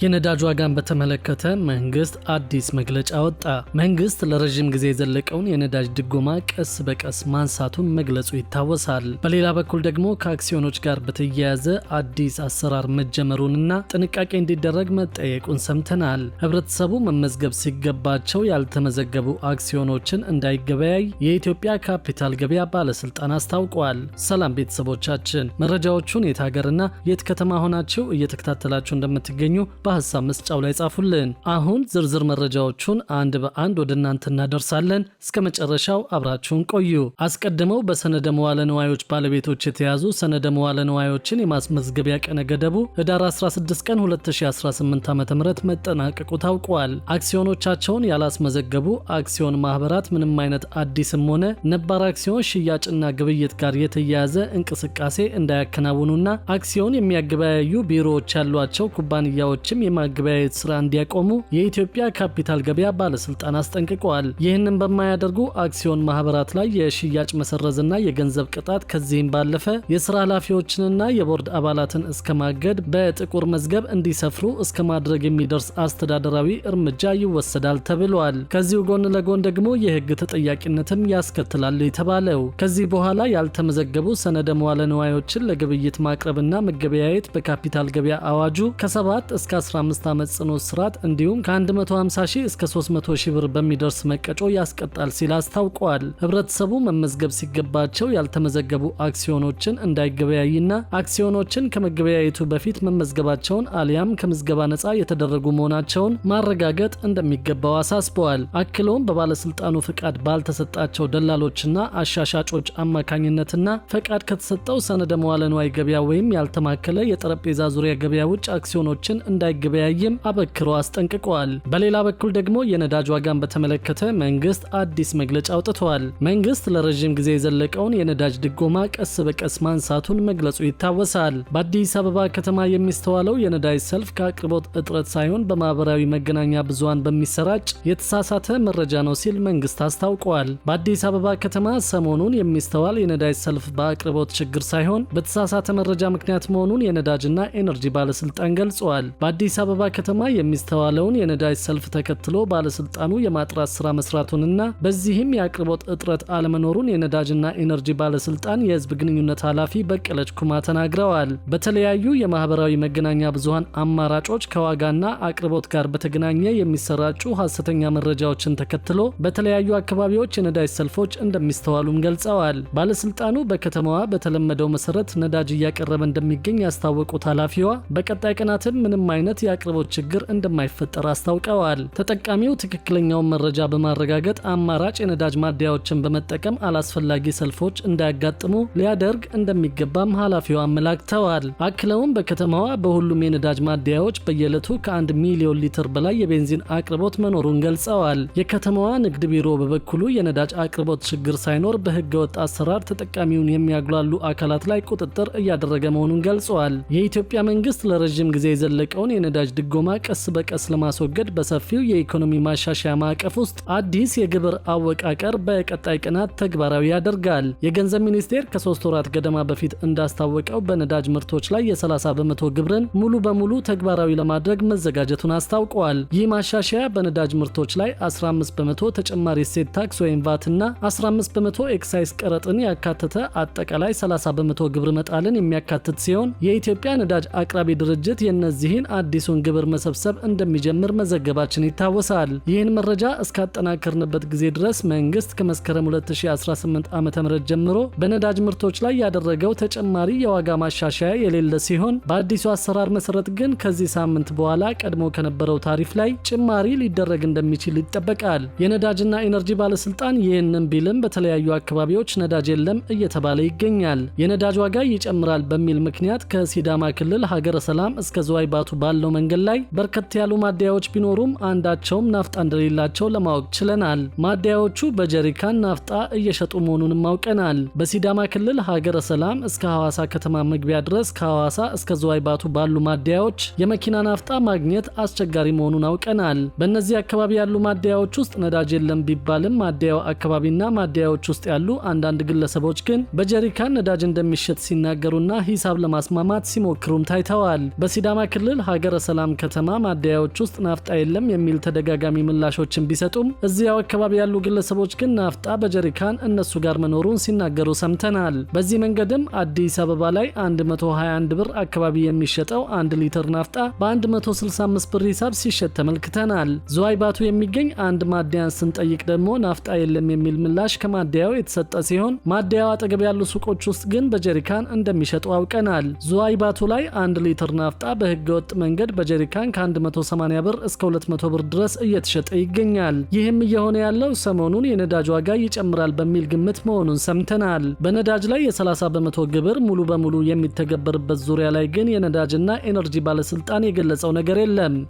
የነዳጅ ዋጋን በተመለከተ መንግስት አዲስ መግለጫ ወጣ። መንግስት ለረዥም ጊዜ የዘለቀውን የነዳጅ ድጎማ ቀስ በቀስ ማንሳቱን መግለጹ ይታወሳል። በሌላ በኩል ደግሞ ከአክሲዮኖች ጋር በተያያዘ አዲስ አሰራር መጀመሩንና ጥንቃቄ እንዲደረግ መጠየቁን ሰምተናል። ህብረተሰቡ መመዝገብ ሲገባቸው ያልተመዘገቡ አክሲዮኖችን እንዳይገበያይ የኢትዮጵያ ካፒታል ገበያ ባለስልጣን አስታውቋል። ሰላም ቤተሰቦቻችን፣ መረጃዎቹን የት ሀገርና የት ከተማ ሆናችሁ እየተከታተላችሁ እንደምትገኙ በሐሳብ መስጫው ላይ ጻፉልን። አሁን ዝርዝር መረጃዎቹን አንድ በአንድ ወደ እናንተ እናደርሳለን። እስከ መጨረሻው አብራችሁን ቆዩ። አስቀድመው በሰነደ መዋለ ነዋዮች ባለቤቶች የተያዙ ሰነደ መዋለ ነዋዮችን የማስመዝገቢያ ቀነ ገደቡ ህዳር 16 ቀን 2018 ዓ ም መጠናቀቁ ታውቋል። አክሲዮኖቻቸውን ያላስመዘገቡ አክሲዮን ማህበራት ምንም አይነት አዲስም ሆነ ነባር አክሲዮን ሽያጭና ግብይት ጋር የተያያዘ እንቅስቃሴ እንዳያከናውኑና አክሲዮን የሚያገበያዩ ቢሮዎች ያሏቸው ኩባንያዎችም ሸማቾችም የማገበያየት ስራ እንዲያቆሙ የኢትዮጵያ ካፒታል ገበያ ባለስልጣን አስጠንቅቀዋል። ይህንን በማያደርጉ አክሲዮን ማህበራት ላይ የሽያጭ መሰረዝና የገንዘብ ቅጣት ከዚህም ባለፈ የስራ ኃላፊዎችንና የቦርድ አባላትን እስከ ማገድ በጥቁር መዝገብ እንዲሰፍሩ እስከ ማድረግ የሚደርስ አስተዳደራዊ እርምጃ ይወሰዳል ተብሏል። ከዚሁ ጎን ለጎን ደግሞ የህግ ተጠያቂነትም ያስከትላል የተባለው ከዚህ በኋላ ያልተመዘገቡ ሰነደ መዋለ ንዋዮችን ለግብይት ማቅረብና መገበያየት በካፒታል ገበያ አዋጁ ከሰባት እስከ 15 ዓመት ጽኑ እስራት እንዲሁም ከ150 ሺህ እስከ 300 ሺህ ብር በሚደርስ መቀጮ ያስቀጣል ሲል አስታውቋል። ህብረተሰቡ መመዝገብ ሲገባቸው ያልተመዘገቡ አክሲዮኖችን እንዳይገበያይና አክሲዮኖችን ከመገበያየቱ በፊት መመዝገባቸውን አሊያም ከምዝገባ ነፃ የተደረጉ መሆናቸውን ማረጋገጥ እንደሚገባው አሳስበዋል። አክሎም በባለስልጣኑ ፍቃድ ባልተሰጣቸው ደላሎችና አሻሻጮች አማካኝነትና ፈቃድ ከተሰጠው ሰነደ መዋለ ንዋይ ገበያ ወይም ያልተማከለ የጠረጴዛ ዙሪያ ገበያ ውጭ አክሲዮኖችን እንዳይ እንዳይገበያይም አበክሮ አስጠንቅቋል። በሌላ በኩል ደግሞ የነዳጅ ዋጋን በተመለከተ መንግስት አዲስ መግለጫ አውጥቷል። መንግስት ለረዥም ጊዜ የዘለቀውን የነዳጅ ድጎማ ቀስ በቀስ ማንሳቱን መግለጹ ይታወሳል። በአዲስ አበባ ከተማ የሚስተዋለው የነዳጅ ሰልፍ ከአቅርቦት እጥረት ሳይሆን በማህበራዊ መገናኛ ብዙሃን በሚሰራጭ የተሳሳተ መረጃ ነው ሲል መንግስት አስታውቋል። በአዲስ አበባ ከተማ ሰሞኑን የሚስተዋል የነዳጅ ሰልፍ በአቅርቦት ችግር ሳይሆን በተሳሳተ መረጃ ምክንያት መሆኑን የነዳጅና ኤነርጂ ባለስልጣን ገልጿል። በአዲስ በአዲስ አበባ ከተማ የሚስተዋለውን የነዳጅ ሰልፍ ተከትሎ ባለስልጣኑ የማጥራት ስራ መስራቱንና በዚህም የአቅርቦት እጥረት አለመኖሩን የነዳጅና ኢነርጂ ባለስልጣን የህዝብ ግንኙነት ኃላፊ በቀለች ኩማ ተናግረዋል። በተለያዩ የማህበራዊ መገናኛ ብዙሃን አማራጮች ከዋጋና አቅርቦት ጋር በተገናኘ የሚሰራጩ ሀሰተኛ መረጃዎችን ተከትሎ በተለያዩ አካባቢዎች የነዳጅ ሰልፎች እንደሚስተዋሉም ገልጸዋል። ባለስልጣኑ በከተማዋ በተለመደው መሰረት ነዳጅ እያቀረበ እንደሚገኝ ያስታወቁት ኃላፊዋ በቀጣይ ቀናትም ምንም አይነት አይነት የአቅርቦት ችግር እንደማይፈጠር አስታውቀዋል። ተጠቃሚው ትክክለኛውን መረጃ በማረጋገጥ አማራጭ የነዳጅ ማደያዎችን በመጠቀም አላስፈላጊ ሰልፎች እንዳያጋጥሙ ሊያደርግ እንደሚገባም ኃላፊው አመላክተዋል። አክለውም በከተማዋ በሁሉም የነዳጅ ማደያዎች በየዕለቱ ከአንድ ሚሊዮን ሊትር በላይ የቤንዚን አቅርቦት መኖሩን ገልጸዋል። የከተማዋ ንግድ ቢሮ በበኩሉ የነዳጅ አቅርቦት ችግር ሳይኖር በህገወጥ አሰራር ተጠቃሚውን የሚያጉላሉ አካላት ላይ ቁጥጥር እያደረገ መሆኑን ገልጸዋል። የኢትዮጵያ መንግስት ለረዥም ጊዜ የዘለቀውን የነዳጅ ድጎማ ቀስ በቀስ ለማስወገድ በሰፊው የኢኮኖሚ ማሻሻያ ማዕቀፍ ውስጥ አዲስ የግብር አወቃቀር በቀጣይ ቀናት ተግባራዊ ያደርጋል። የገንዘብ ሚኒስቴር ከሶስት ወራት ገደማ በፊት እንዳስታወቀው በነዳጅ ምርቶች ላይ የ30 በመቶ ግብርን ሙሉ በሙሉ ተግባራዊ ለማድረግ መዘጋጀቱን አስታውቋል። ይህ ማሻሻያ በነዳጅ ምርቶች ላይ 15 በመቶ ተጨማሪ እሴት ታክስ ወይም እና 15 በመቶ ኤክሳይዝ ቀረጥን ያካተተ አጠቃላይ 30 በመቶ ግብር መጣልን የሚያካትት ሲሆን የኢትዮጵያ ነዳጅ አቅራቢ ድርጅት የእነዚህን አዲሱን ግብር መሰብሰብ እንደሚጀምር መዘገባችን ይታወሳል። ይህን መረጃ እስካጠናከርንበት ጊዜ ድረስ መንግስት ከመስከረም 2018 ዓ ም ጀምሮ በነዳጅ ምርቶች ላይ ያደረገው ተጨማሪ የዋጋ ማሻሻያ የሌለ ሲሆን በአዲሱ አሰራር መሰረት ግን ከዚህ ሳምንት በኋላ ቀድሞ ከነበረው ታሪፍ ላይ ጭማሪ ሊደረግ እንደሚችል ይጠበቃል። የነዳጅና ኢነርጂ ባለስልጣን ይህንን ቢልም በተለያዩ አካባቢዎች ነዳጅ የለም እየተባለ ይገኛል። የነዳጅ ዋጋ ይጨምራል በሚል ምክንያት ከሲዳማ ክልል ሀገረ ሰላም እስከ ዝዋይ ባቱ ባለ ባለው መንገድ ላይ በርከት ያሉ ማደያዎች ቢኖሩም አንዳቸውም ናፍጣ እንደሌላቸው ለማወቅ ችለናል። ማደያዎቹ በጀሪካን ናፍጣ እየሸጡ መሆኑንም አውቀናል። በሲዳማ ክልል ሀገረ ሰላም እስከ ሐዋሳ ከተማ መግቢያ ድረስ ከሐዋሳ እስከ ዝዋይ ባቱ ባሉ ማደያዎች የመኪና ናፍጣ ማግኘት አስቸጋሪ መሆኑን አውቀናል። በእነዚህ አካባቢ ያሉ ማደያዎች ውስጥ ነዳጅ የለም ቢባልም ማደያው አካባቢና ማደያዎች ውስጥ ያሉ አንዳንድ ግለሰቦች ግን በጀሪካን ነዳጅ እንደሚሸጥ ሲናገሩና ሂሳብ ለማስማማት ሲሞክሩም ታይተዋል። በሲዳማ ክልል ሀገረ በሀገረ ሰላም ከተማ ማደያዎች ውስጥ ናፍጣ የለም የሚል ተደጋጋሚ ምላሾችን ቢሰጡም እዚያው አካባቢ ያሉ ግለሰቦች ግን ናፍጣ በጀሪካን እነሱ ጋር መኖሩን ሲናገሩ ሰምተናል። በዚህ መንገድም አዲስ አበባ ላይ 121 ብር አካባቢ የሚሸጠው አንድ ሊትር ናፍጣ በ165 ብር ሂሳብ ሲሸጥ ተመልክተናል። ዝዋይ ባቱ የሚገኝ አንድ ማደያን ስንጠይቅ ደግሞ ናፍጣ የለም የሚል ምላሽ ከማደያው የተሰጠ ሲሆን ማደያው አጠገብ ያሉ ሱቆች ውስጥ ግን በጀሪካን እንደሚሸጡ አውቀናል። ዝዋይ ባቱ ላይ አንድ ሊትር ናፍጣ በህገወጥ መንገድ መንገድ በጀሪካን ከ180 ብር እስከ 200 ብር ድረስ እየተሸጠ ይገኛል። ይህም እየሆነ ያለው ሰሞኑን የነዳጅ ዋጋ ይጨምራል በሚል ግምት መሆኑን ሰምተናል። በነዳጅ ላይ የ30 በመቶ ግብር ሙሉ በሙሉ የሚተገበርበት ዙሪያ ላይ ግን የነዳጅና ኤነርጂ ባለስልጣን የገለጸው ነገር የለም።